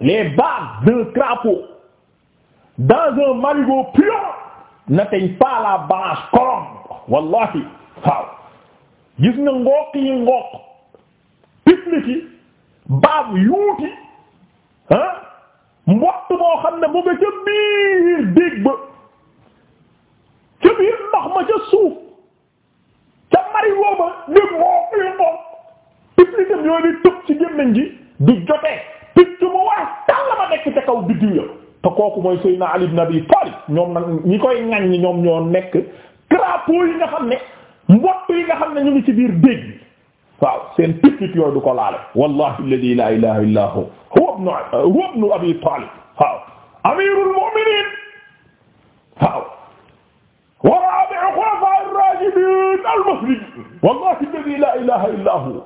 les bases d'un crapaud dans un marigot puant n'atteignent pas la balance colombe wallahi waaw gis nga ngooq yi ngooq picnic yuuti ah mbott moo xam ne mu nga ca biir dég ba ca biir ndox ma ca suuf ca marigot ba di ngooq yi ngooq yooyu di tëb ci gémmiñ gi du jotee picc mu wax tàll ma nekk ca kaw biddiw ya te kooku mooy Seydina Ali ibn Abi Talib ñoom nag ñi koy ŋañ ñi ñoom ñoo nekk crapaud yi nga xam ne mbott yi nga xam ne ñu ngi ci biir déeg bi waaw seen picc yooyu du ko laale wallahi alladhi la ilaha illa hu huwa ibn Abi Talib waaw amirul mu'minin waaw wa rabi'u khulafa'i ar-rashidin al-muslimin wallahi alladhi la ilaha illa hu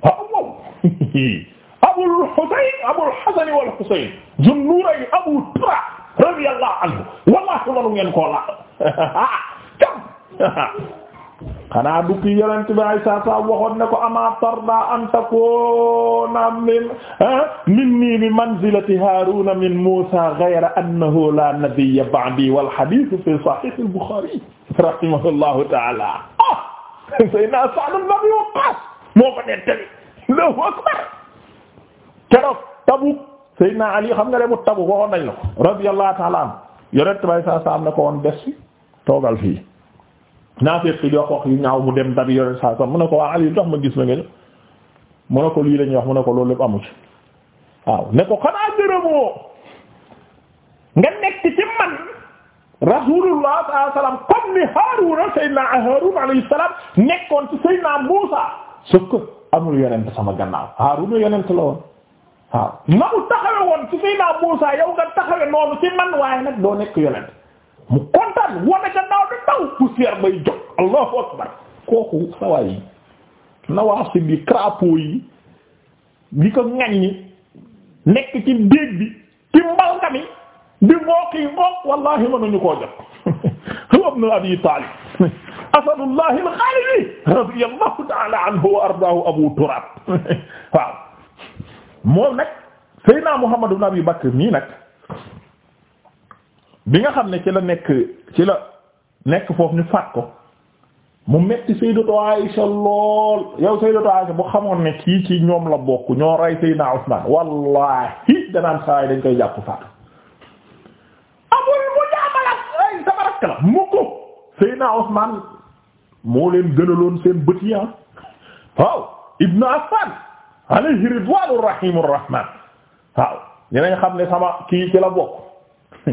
waaw Abul Husayn Abul Hasan wal Husayn jun nuuray Abu Turab radiyallahu anhu wallaahi waru ngeen koo laal cam xanaa du kii yonent bi ay saa saa waxoon ne ko ama tarda an takuna min ah, minni bi manzilati Haaruna min Muusaa ghayra annahu la nabiyya ba'di wal hadiith fi sahih al-Bukhari rahimahullahu ta'ala ah Seydina Sa'd ibn Abi Waqqaas moo ko nettali Allahu akbar keroog Tabuk Seydina Ali xam nga demu Tabuk waxoon nañ la ko radiyallahu ta'ala an yonent bay saa saam ne ko woon des fi toogal fii naafeet ki di yu ñaaw mu dem dabi yonent saa saam mu ne ko waa Ali ma gis la nga ne ko lii lañuy wax mu ne ko loolu lépp amu ci waaw ne ko xanaa gërëmoo nga nekk ci man rasulullah sallallahu alayhi wasallam comme ni Haaruna Seydina Haaruna alayhi amul yonent sama gannaaw Haaruna yonent la woon waaw na mu taxawe woon ci Seydina Muusaa yow nga taxawe noonu ci man waaye nag doo nekk yonent mu kontaan wane ca naaw di daw poussière bay jóg allahu akbar kooku sawaay yi nawaa bi crapaud yi di ko ŋaññi nekk ci déeg bi ci mbalka mi di mooq yi mooq wallahi mënuñu koo jot huwa ibn abi taalib asadullahi al-xaalidi radiyallahu ta'ala anhu wa ardaahu abu turaab waaw moom nag Seydina Muhammad ibn Abi Bakr nii nag bi nga xam ne ci la nekk ci la nekk foofu ñu faat ko mu metti Sayyidatu Aisha lool yow Sayyidatu Aisha bu xamoon ne kii ci ñoom la bokk ñoo rey Seydina Usman wallahi danaan saa dañ koy jàpp faat amul mu jaamala ay sama rakk la mu ko Seydina moo leen gënaloon seen bët ah. waaw Ibnu Affan alayhi ridwaanu rahimu rahmaan waaw xam ne sama kii ci la bokk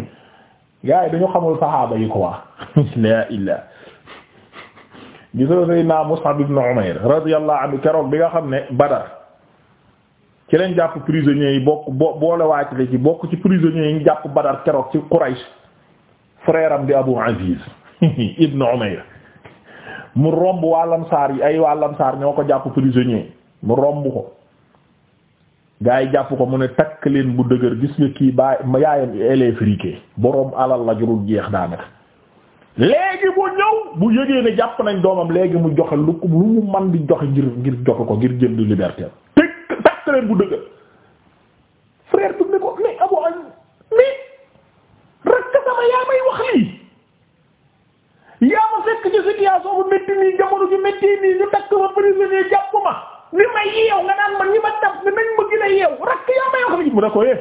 gars yi dañu xamul saxaaba yi ko waa la illah gisoo sayyidina Mus'ab ibn Umayr radiyallahu anhu keroog bi nga xam ne Badar ci lañ jàpp prisonniers yi bokk bo boole waacile ci bokk ci prisonniers yi ñu Badar keroog ci Quraysh frère am Abu Aziz ibn Umayr mu romb waa Lamsaar yi ay waa Lamsaar ñoo ko jàpp prisonnier mu romb ko gaa yi jàpp ko mu ne takk leen bu dëgër gis nga kii baay yaayam électrique boroom alal la jurul jeex daanaka léegi mu ñëw bu yëgee ne jàpp nañ doomam léegi mu joxe lu lu mu man di joxe ngir ngir joxe ko ngir jënd liberté tekk takk leen bu dëgër frère bi ne ko mais abo añ mais rekk sama yaa may wax lii yaa ma fekk ci situation bu métti nii jamono ju métti nii ñu takk ma prisonnier jàpp ma li ma yeew nga naan man ñi ma dab ne nañ ma gën yeew rakk yaa ma yoo xam mu ne ko eh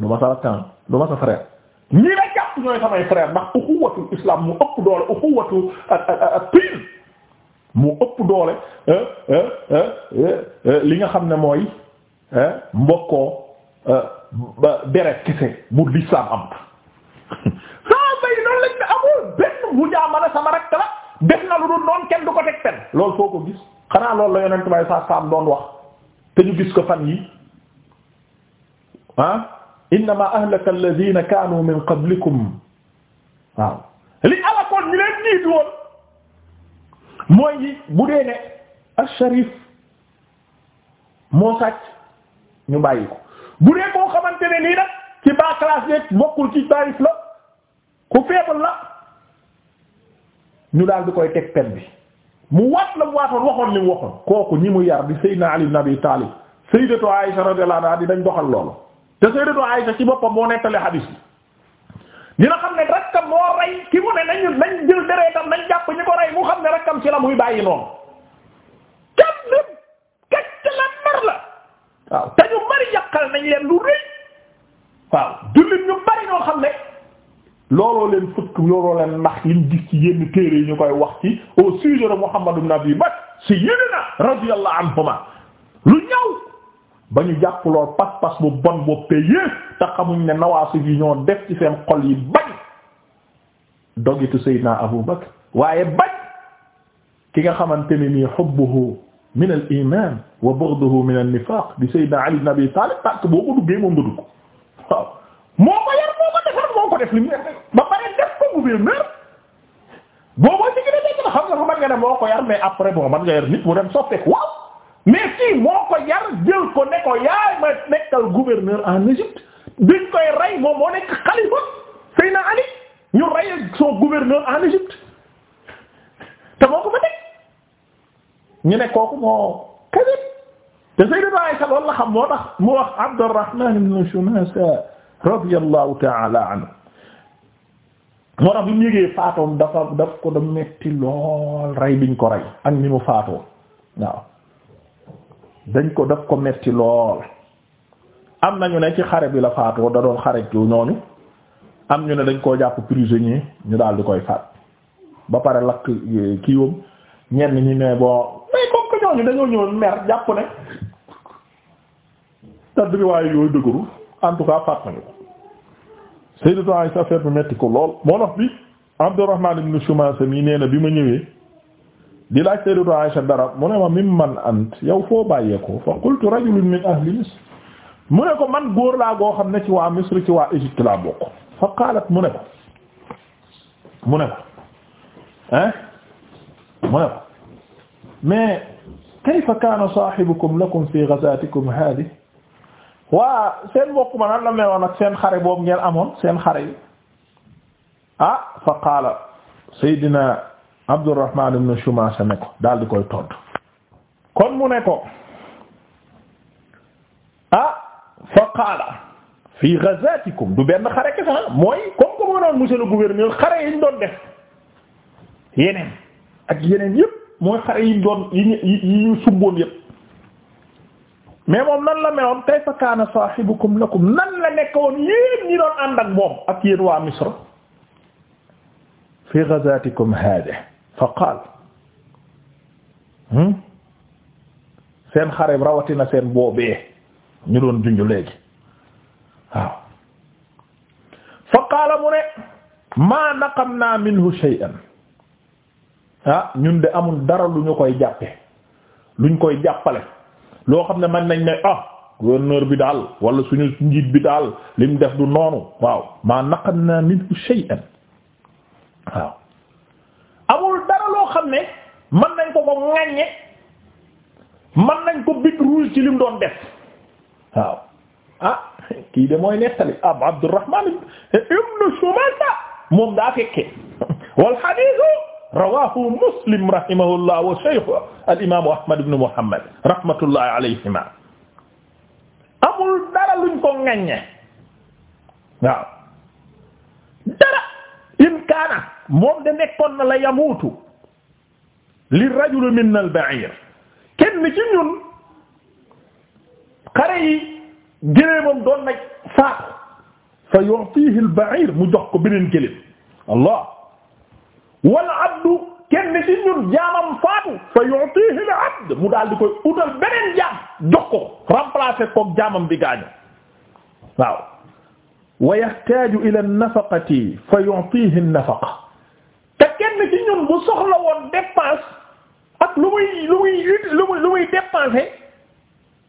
du ma sa rakkaan ah, du ma sa frère ñi la jàpp ñooy samay frère ndax uxuwatu islam mu ëpp doole uxuwatu pire mu ëpp doole eh, eh, eh, li nga xam ne mooy mbokkoo deret kese benn bu jaamala sama rakk la def na lu dul noonu kenn du ko teg pen loolu foo ko gis xanaa loolu la yonent bay saa saam doon wax te ñu gis ko fan yi ah innama ahlaka alladhina kaanu min qablikum waaw ñu leen jiitu woon mooy yi bu dee ne ash-sharif moo sàcc ñu bàyyi ko bu dee koo xamante ne nii nag ci baa classe yeeg bokkul ci tarif la ku feebal la ñu daal di koy teg pen bi mu waat la mu waatoon waxoon li mu waxoon kooku ñi mu yar di Seydina Ali ibn Abi Talib Sayyidatu Aisha radiyallahu anha dañ doxal loolu te Sayyidatu Aisha ci boppam moo nettali hadith bi dina xam ne rakkam moo rey ki mu ne nañu nañ jël deretam nañ jàpp ñu ko rey mu xam ne rakkam ci la muy bàyyi noonu kat lépp kat la mar la waaw te ñu bari yàqal nañ leen lu rëy waaw jullit ñu bari ñoo xam ne looloo leen fëkk looloo leen nax liñ gis ci yenn téere yi ñu koy wax ci au sujet de Muhammad ibn Abi Bakr sayyidina radiyallahu anhuma lu ñaw ba ñu jàpp lool pas-pas bu bon boobu te yées te xamuñ ne nawaasu yi ñoo def ci seen xol yi bañ dogitu sayyidina Abu Bakr waaye bañ ki nga xamante ne nii hubbuhu min al iman wa min al nifaq di sayyidina Ali ibn Abi Talib parce boo ko duggee moom nga dugg moo ko yar moo ko defar ko def ba pare def ko booboo ci gën a dégg na xam nga ko mën nga moo ko yar mais après bon mën nga yar nit mu dem soppeeku waaw mais si moo ko yar jël ko ne ko yaay ma nekkal gouverneur en Égypte biñ koy rey moom moo nekk xalifa Seyna Ali ñu rey son gouverneur en Égypte te moo ko fa teg ñu ne kooku moo kadib te Sayyidatu Aisha loolu la xam moo tax mu wax Abdurrahman ibn Shumasa radiyallahu ta'ala anhu moo tax bi mu yëgee faatoom dafa daf ko da metti lool rey biñ ko rey ak ni mu faatoo waaw dañ ko daf ko metti lool am nañu ne ci xare bi la faatoo da doon xare ju ñooñu am ñu ne dañ koo jàpp prisonnier ñu daal di koy faat ba pare lakk eh, kiiwam ñenn ñi ne boo mais comme que ñooñu dañoo ñëwoon mer jàpp ne tadriwaayu yooyu dëgëru en faat nañu Sayyidatu Aisha affaire bi metti ko lool moo bi Abdurrahman ibn Shumasa mi nee na bi ma ñëwee di laaj Sayyidatu Aisha dara mu ne ma mimman ant yow foo bàyyeekoo fa mu ne ko man góor laa goo xam ne ci waa Misr ci waa Égypte laa bokk fa qaalat mu ne ko mu ne ko hein mu ne ko mais kayfa kaana saahibukum lakum fi ghazaatikum haadihi waa seen mbokk ma nan la may woon ak seen xare boobu ngeen amoon seen xare yi ah fa qaala Seydina Abdurrahman ibn Shumasa ne ko daal di koy todd kon mu ne ko ah fa qaala fii ghazatikum du benn xare kese mooy comme comme ma doon monsieur le gouverneur xare yi ñu doon yeneen ak yeneen yëpp mooy xare yi ñu doon yi ñu yi ñu sumboon yëpp. mais moom nan la meloon kayfa kaana saahibukum lakum nan la nekkoon yéen ñi doon ànd ak moom ak yéen waa Misra fi ghazatikum haadihi fa qaal hmm? seen xare rawatina seen boobee ñu doon junju léegi waaw fa qaala mu ne maa naqamnaa minhu shay'an ah, ñun de amul dara lu ñu koy jàppe luñ koy jàppale loo xam ne man nañ ne ah gouverneur bi daal wala suñu njiit bi daal lim def du noonu waaw maa naqadna minhu shay'an waaw ne man nañ ko ko ko bit rouge ci lim doon def waaw ah kii de mooy nettali ab Abdurrahman ibn Shumasa moom daa fekke wal hadithu rawahu muslim rahimahullah wa shaykh al imaamu ahmad ibn muhammad rahmatullahi alayhima amul dara luñ ko ŋaññe waaw dara in kaana moom de nekkoon na la yamuutu li rajul minna al ba'ir kenn ci ñun xare yi gëléemam doon na faatu fa yu'tihi al ba'ir mu jox ko beneen gëléem allah wal abdu kenn ci ñun jaamam faatu fa yu'tihi al abd mu daal di koy utal beneen jaam jox ko remplacer koog jaamam bi gaañu waaw wa yahtaju ila an fa yu'tihi an-nafaqa te kenn ci ñun bu soxla woon dépense ak lu muy lu muy lu muy lu muy dépenser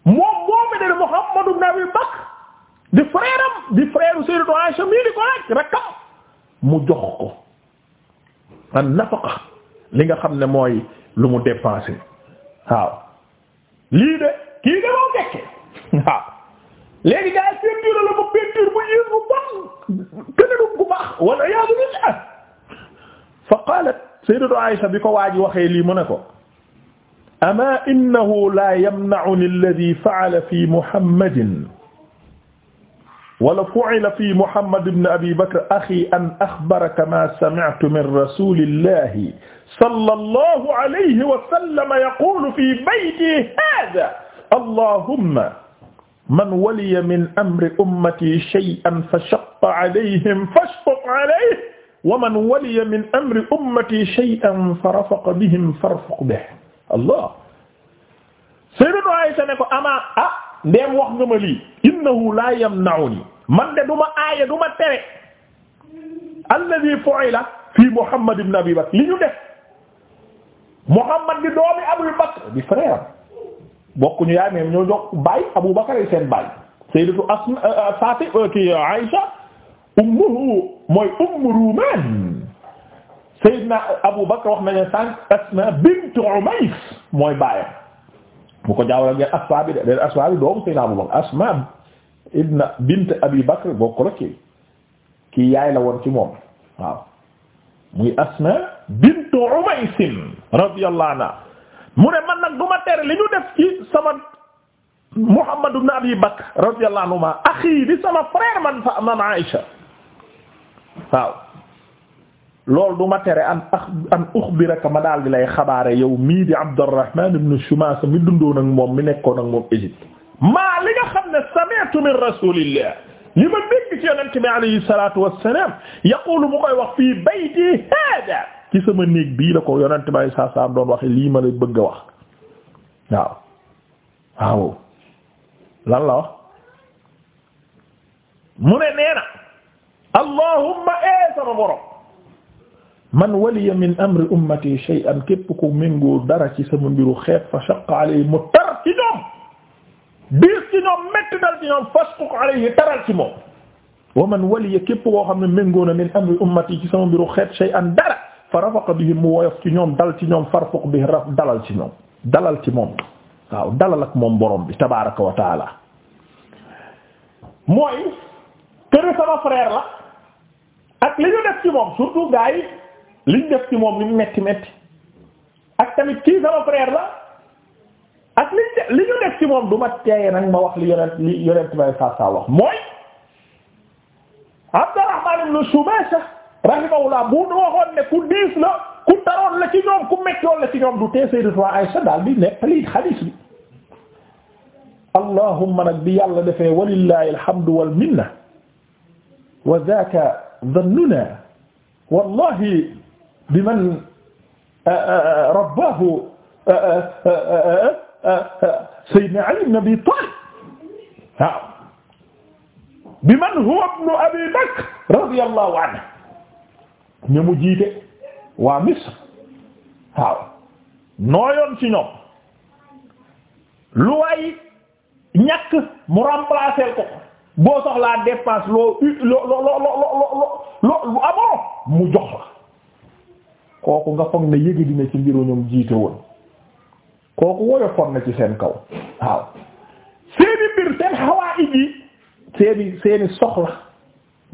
moom moom de Muhammadu ibn Abi Bakr di frère di frère Sayyidatu Aisha mi ko laaj rakkam mu jox ko an nafaqa li nga xam ne mooy lu mu dépensé waaw lii de kii de moo fekke waaw léegi gaa yi peinture la mu peinture bu yées bu bon keneen bu baax wala yaa ngi nii ah. fa qaalat sayyidatu Aisha bi ko waa ji waxee lii mu ne ko. ama innahu la yamna'uni alladhi fa'ala fi muhammadin wala fu'ila fi Muhammad ibn Abi Bakr axi an axbaraka maa sami'tu min rasulillahi sallallahu alayhi wa sallam yaqulu fi bayti haadha allahumma man waliya min amri ummati shay'an fashaqqa alayhim fashquq alayhi wa man waliya min amri ummati shay'an farafaqa bihim farfaq bihi allah Sayyidatu Aisha ne ko ama ah ndeem wax nga ma lii innahu la yamna'uni man de du ma aaya du ma tere alladhi fu'ila fi Muhammad ibn Abi Bakr li ñu def Muhammad di doomi Abu Bakr di frère bokkuñu yaay mais ñoo jox baay Abu Bakr ay seen baay sayyidatu euh, euh, euh, ki Aisha ummuhu mooy ummu Ruman sayyidna Abu Bakr wax nañu sànq Asma bint Umays mooy baayam bu ko jaawale ngeen Asmaa bi de de Asmaa bi doomu Seydina Abu Bakr Asmaa ibn bint Abi Bakr bokk la kii kii yaay la woon ci moom waaw muy Asmaa bint Umays radiyallahu anha mu ne man nag du ma tere li ñu def ci sama Muhammad ibn Abi Bakr radiyallahu anhuma axi di sama frère man fa man Aïcha waaw lool du ma an an uxbiraka ma daal di lay xabaare yow mii di Abdurrahman ibn Shumas mi dundoon ak moom mi nekkoon ak moom Égypte maa li nga xam ne sami'tu min rasulillah li ma dégg ci yonente bi alayhi salatu wassalam yaqulu mu koy wax fii bayti hada ci sama néeg bii la ko yonente bi alayhi salatu wassalam doon waxe lii ma lay bëgg wax waaw waaw lan la mu ne nee na allahumma e sama borom man waliya min amri ummati shay'an képp ku méngoo dara ci sama mbiru xeet fa shaqqa alayhi mu tar ci ñoom biir ci ñoom métti dal ci ñoom fasquq alayhi taral ci moom wa man waliya képp koo xam ne méngoo na min amri ummati ci sama mbiru xeet shay'an dara fa rafaqa bihi mu woyof ci ñoom dal ci ñoom farfuq bihi raf dalal ci ñoom dalal ci moom waaw dalal ak moom borom bi tabaaraka wa taala mooy kër sama frère la ak li ñu def ci moom surtout gars yi liñ def ci moom li mu metti metti ak tamit kii sama frère la ak li ñu def moom du ma teeye nag ma wax li yonent li yonent may saa saa wax mooy Abdurrahman ibn Shumasha rahimahullah bu ñu waxoon ne ku diis la ku taroon la ci ñoom ku mettoon la ci du tee Sayyidatu Aisha daal bi nettali hadiis bi allahumma nag bi yàlla defee walillahi alhamdu wal minna wa zaaka dhannuna wallahi bi man rabbahu sayyidina Ali ibn Abi Talib waaw bi man huwa ibn Abi Bakr radiyallahu anhu ñu mu jiite waa Misr waaw nooyoon ci ñoom lu waay ñàkk mu remplacer ko boo soxlaa dépense loo loo loo loo loo loo amoo mu jox la kooku nga foog ne yëg dina ci mbiru ñoom jiite woon kooku woyofoon na ci seen kaw waaw seeni mbir seen hawaa'ij yi seeni seeni soxla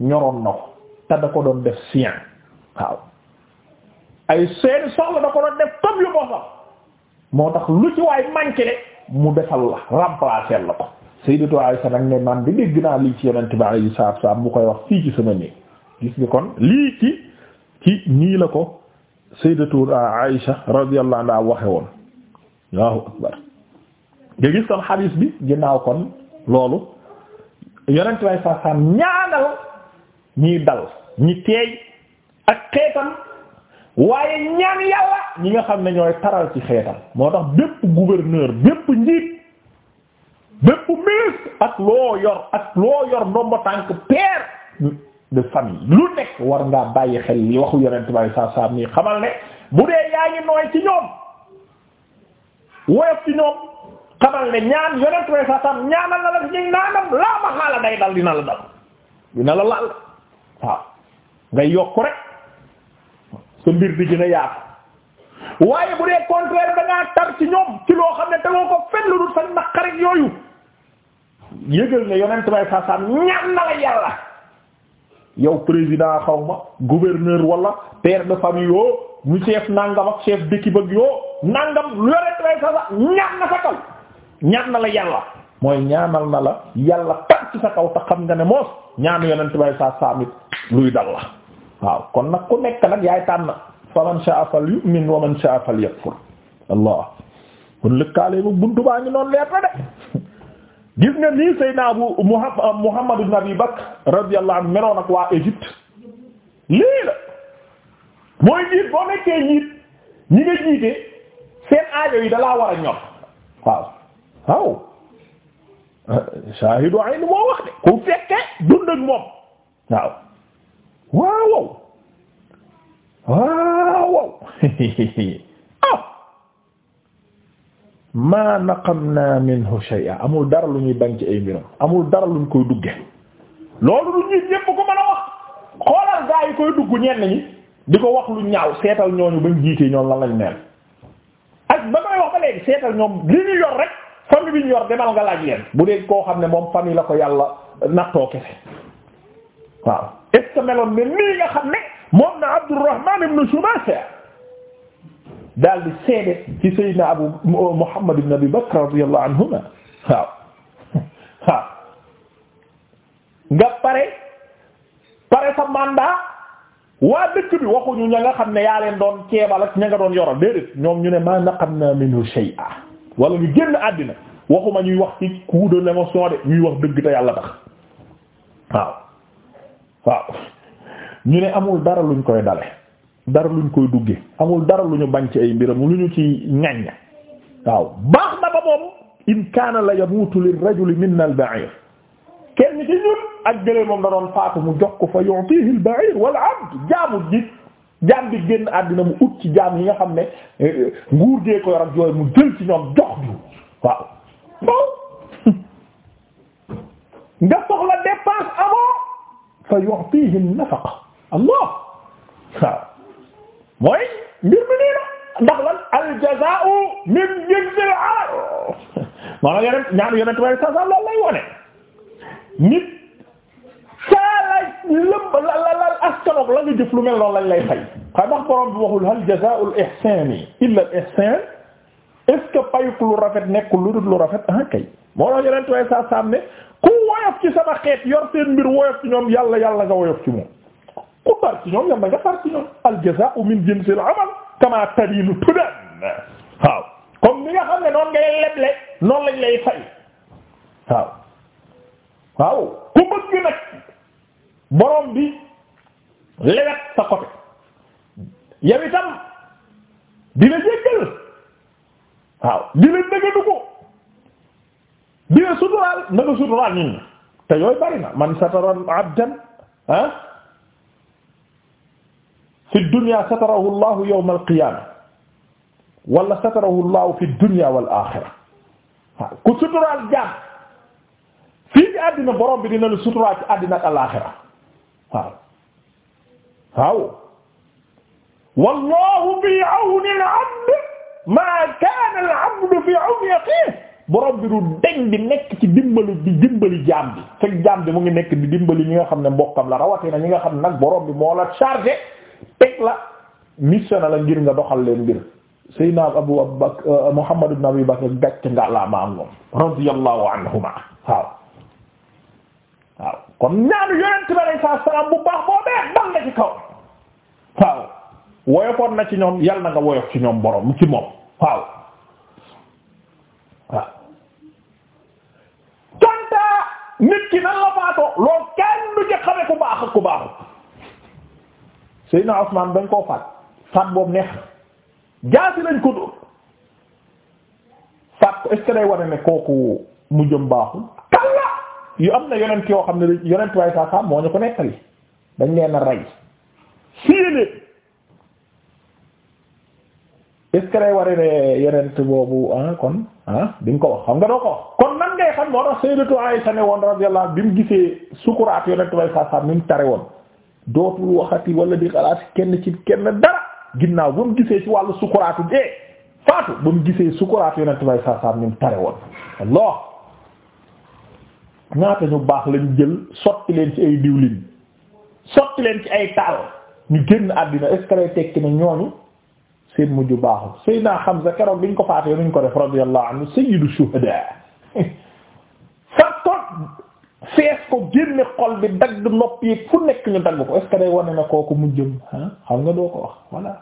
ñoroon na ko te da ko doon def sien waaw ay seeni soxla da ko doon def comme yu boppam moo tax lu ci waay manqué le mu defal la remplacer la ko Sayyidatu Aisha nag ne man di dégg naa lii ci yonent bi alayhi salaatu wa salaam mu koy wax fii ci sama néeg gis nga kon lii ci ci nii la ko sayyidatu euh, Aïsha radiyallahu anha waxe woon Allahu akbar nga gis kon xadiis bi ginnaaw kon loolu yonent way sa sam ñaanal ñiy dal ñi teey ak xeetam waaye ñaan yàlla ñi nga xam ne ñooy taral ci xeetam moo tax bépp gouverneur bépp njiit bépp ministre ak loo yor ak loo yor ndombo tànk peer de lu nekk war ngaa bàyyi xel li waxu yonent bàyyi saa saa nii xamal ne bu dee yaa ngi nooy ci ñoom woyof ci ñoom xamal ne ñaan yonent bàyyi la di a yaatu waaye bu dee contraire da ngaa tar loo xam ne tegoo ko fenn ñaan na la yàlla. yow président xaw ma gouverneur wala père de famille yoo ñu chef nangam ak chef d'équipe ak yoo nangam lu yore lay sa sa ñaan na sa kaw na la yàlla mooy ñaanal na la yàlla tar ci sa kaw te xam nga ne moos ñaanu yonent bay sa saamit luy dal la waaw kon nag ku nekk nag yaay tànn faman sha'a falyu'min wa man sha'a falyakfur allah kon lëkkaale bu buntu baa ngi noonu leer na de gis nga nii Seydina Abu euh, Muhammad ibn Abi Bakr radiyallahu anhu meroon ak waa Égypte lii la mooy njiit boo nekkee njiit ñi nga jiite seen aajo yi dalaa war a waaw waaw shaahidu ayn moo wax de ku fekke dund ak moom waaw waaw waaw maa naqamna minhu shay'a amul dara lu ñuy bañ ci ay mbiram amul dara luñ koy dugge loolu lu ñuy ñépp ko mën a wax xoolal gaa yi koy dugg ñenn ñi di ko wax lu ñaaw seetal ñooñu bañ jiitee ñoom lan lañ mel ak ba may wax ba léegi seetal ñoom li ñu yor rek famille bi ñu yor demal nga laaj leen bu dee koo xam ne moom yi la ko yàlla nattoo kese waaw est ce meloon ne nii nga xam ne moom na Abdurrahman ibn Shumasa daal di seede ci sayyidina abu muhammad ibn abi bakr radiyallahu anhuma waaw waaw nga pare pare sa mandat waa dëkk bi waxuñu ña nga xam ne yaa leen doon ceebal ak ña nga doon yoral déedéet ñoom ñu ne ma naqamna minhu shay'a wala ñu génn àddina waxuma ñuy wax ci coup de l'émotion de ñuy wax dëgg te yàlla tax waaw waaw ñu ne amul dara luñ koy dale dara luñ koy dugge amul dara lu ñu bañ ci ay mbiram lu ñu ci ñaññ waaw baax na ba moom in kaana la yamutu li rajuli minna al ba'ir kenn ci ñun ak gëlee moom da doon faatu mu jox ko fa yu'tihi al ba'ir wal 'abd jaamu ji jaam bi génn àddina mu ut ci jaam yi nga xam ne eh, eh, nguur gee ko yor ak jooy mu jël ci ñoom jox ñu waaw moom nga soxla dépense amoo fa yu'tihi an nafaqa allah waaw mooy mbir mi nii la ndax lan al jazaa'u min jinsil amal maanaam yeneen ñaanu yeneen tubaab yi sàlla loolu lay la lëmb la la la askanoog la nga jëf lu mel noonu lañ lay fay. xam ndax borom bi al ihsaani illa al ihsaan est ce que payuk lu rafet nekk lu dul lu rafet ah kay moo tax yeneen tubaab yi saa saa ne ku woyof ci sama xeet yor seen mbir woyof ci ñoom yàlla yàlla nga woyof ci moom. ku xar ci ñoom yam na nga al jazaa'u min jinsil amal tudan waaw comme ni nga xam ne noonu nga leble noonu lañ lay fay waaw waaw ku bëgg nag borom bi lewet sa côté yow itam dina jéggal waaw dina dëgg ko dina suturaal na nga suturaal ñun te yooyu bari na man abdan ah fi dunya satarahu llahu yawma alqiyama wala satarahu llahu fi dunya wal axira waaw ku suturaal jaam fii ci àddina borom bi dina la suturaal ci àddina ak alaaxira waaw waaw wallahu fi awni al-abd maa kaana al-abd fi awni axiihi borom bi du deñ di nekk ci dimbalu di dimbali jaam bi fekk jaam bi mu ngi nekk di dimbali ñi nga xam ne mbokkam la rawatina ñi nga xam ne nag borom bi moo la chargé teg la missionna la ngir nga doxal leen mbir saydna abu bakr euh, muhammad ibn abi bakr gàcc nga laa ma am moom radiyallahu anhuma waaw waaw kon ñaanu yonent bi alayhi salaam bu baax boo bee dal na ci kaw waaw woyofoon na ci ñoom yal na nga woyof ci ñoom borom ci moom waaw waaw tontaa nit ki nan la faatoo loolu kenn du ci xame ku baax ku baaxut Seydina Usmaan dañ koo faat faat boobu neex jaasi lañ ko dóor faat ko est-ce kooku mu jëm baaxul kalla yu am na yonent yoo xam ne yonent waaye saa saa moo ñu ko nettali dañ leen a rey siile est-ce que day wane boobu ah kon ah di ko wax xam nga doo ko wax kon nan ngay xam moo tax Sayyidatu Aisha ne woon radiyallahu bi mu gisee sukuraat yonent waaye saa saa mu tare woon dootul waxati wala di xalaat kenn ci kenn dara ginnaaw ba mu gisee ci wàllu sukuraatu dee faatu ba mu gisee sukuraatu yonent bay saa saa mu tare woon loo ñaata ñu baax lañ jël sotti leen ci ay diwlin sotti leen ci ay taal ñu génn àddina est-ce que lay tekki ne ñooñu seen mujj baaxul Seydina Hamza keroog biñ ko faatee nuñ ko def radiyallahu anhu sayyidu shuhada fees ko génne xol bi dagg nopp yi fu nekk ñu dagg ko est ce day wane na kooku mu jëm ah xam nga doo ko wax voilà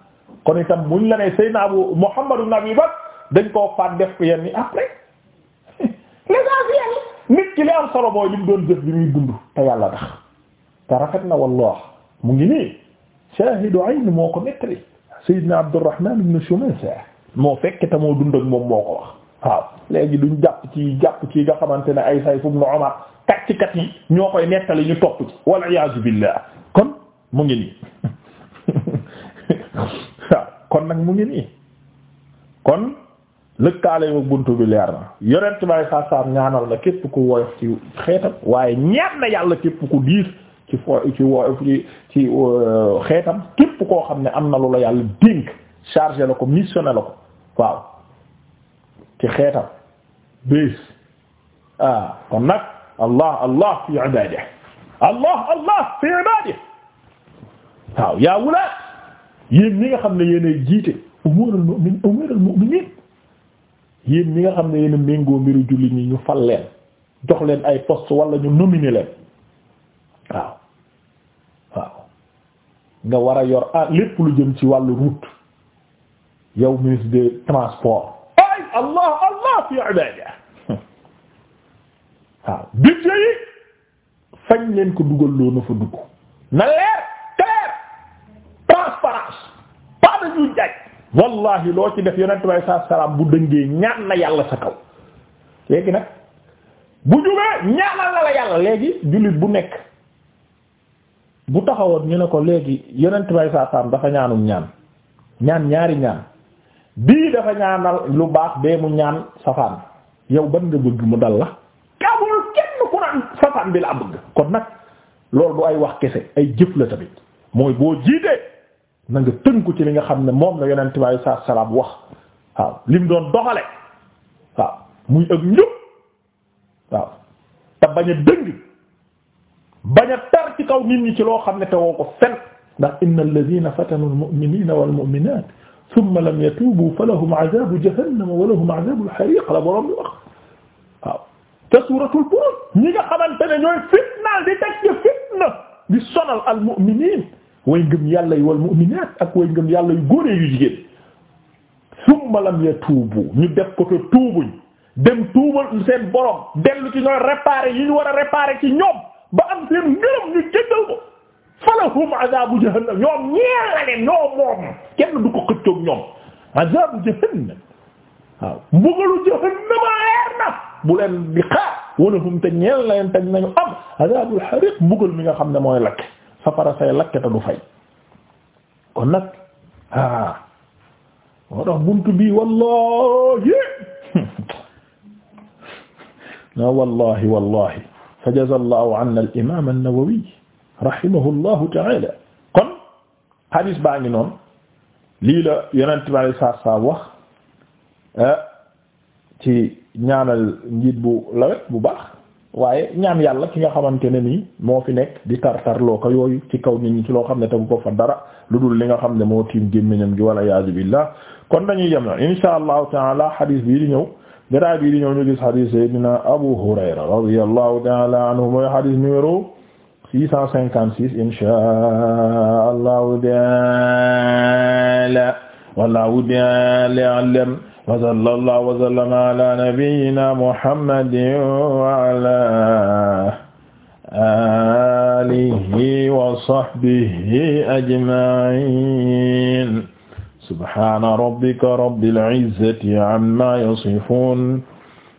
kon itam muñ la ne Seydina Abu Muhammad ibn Abi Bakr dañ koo faat def ko yenn yi après l'essentiel li am solo mooy li doon jëf bi muy dund te yàlla tax te rafet na wallah mu ngi nii shaahidu ayn moo ko nettali Seydina Abdurrahman ibn Shumaysa moo fekk te moo dund ak moom moo ko wax waaw léegi duñ jàpp ci jàpp ci nga xamante ne ay say fu mu Umar kàccikat yi ñoo koy nettali ñu topp ci wal iyaazu billah kon mu ngi nii kon nag mu ngi nii kon lëkkaale ma buntu bi leer na yorent bay saasaam ñaanal na képp ku woyof ci xeetam waaye ñaan na yàlla képp ku diis ci fo ci wo ci ci euh, xeetam képp koo xam ne am na lu la yàlla dénk chargé la ko missionné la ko waaw ci xeetam bés ah, kon nag allah allah fi ibadihi allah allah fi ibadihi waaw yaa wulaat yéen ñi nga xam ne yéenay jiite umurul mu'min umurul mu'minin yéen ñi nga xam ne yéen a mbiru julli ñi ñu fal leen jox leen ay post walla ñu nominer leen waaw waaw nga war a yor ah, lépp lu jëm ci wàllu route yow ministre des transports allah allah fi ibaada waaw budget yi fañ leen ko dugal loo na fa dugg na leer clair transparence pas de jaaj wallahi loo ci def yonent bi saa salaam bu dëngee ñaan na yàlla sa kaw léegi nag bu jugee ñaanal na la yàlla léegi jullit bu nekk bu taxawoon ñu ne ko léegi yonent bi saa salaam dafa ñaanum ñaan ñaan ñaari ñaan bii dafa ñaanal lu baax bee mu ñaan safaan yow ban nga bëgg mu dal la amul kenn ku naan safaan bi la bëgg kon nag loolu du ay wax kese ay jëf la tamit mooy boo jiitee na nga tënku ci li nga xam ne moom la yonent bi sallallahu alayhi wasallam wax waaw lim doon doxale waaw muy ak njub waaw te bañ a dëng bañ a tar ci kaw nit ñi ci loo xam ne te woo ko fen ndax innal ladhina fatanu al summa lam yatuubu fa lahum azaabu jahannama wa lahum azaabul hariiq la borom bi wax waaw te suuratul Buruuj ñi nga xamante ne ñooy fitnaal di teg ci fitna di sonal al mu'miniin way ngëm yàlla yi wal mu'minaat ak way ngëm yàlla yu góor yu jigéen summa lam yatuubu ñu def ko te tuubuñ dem tuubal seen borom dellu ci ñooy réparer yi ñu war a réparer ci ñoom ba am seen ngërëm ñu jéggal ko. lahum azabu jahannam ñoom ñeel la ne ñoo moom kenn du ko xëccoog ñoom azabu jahannam waaw mbugalu jahannama leer na bu leen di xaar walahum te ñeel la leen te nañu am azabul hariq mbugal mi nga xam ne mooy lakk safara say lakk te du fay kon nag ah moo tax buntu bii wallahi na wallahi wallahi fa jazallahu anna al imam an-nawawi rahimahullahu ta'ala kon hadis baa ngi noon lii la yonent bi saa saa wax eh, ci ñaanal njiit bu lawet bu baax waaye ñaan yàlla ki nga xamante ne nii moo fi nekk di loo ko yooyu ci kaw nit ñi ci loo xam ne tegu ko fa dara lu dul li nga xam ne moo tiim gémmiñam gi wala yaazu billah kon dañuy yem na insha allahu taala hadis bii di ñëw jaraay bii di ñëw ñu gis hadis sayyidina Abu Hurayra radiyallahu taala anhu mooy hadis numéro 656 inshaa Allahu ta'aala wallaahu ta'aala a'lam wa sallallaahu wa sallama ala nabiyyina Muhammadin wa ala aalihi wa sahbihi ajma'iin subhaana rabbika rabbil izzati amma yasifuun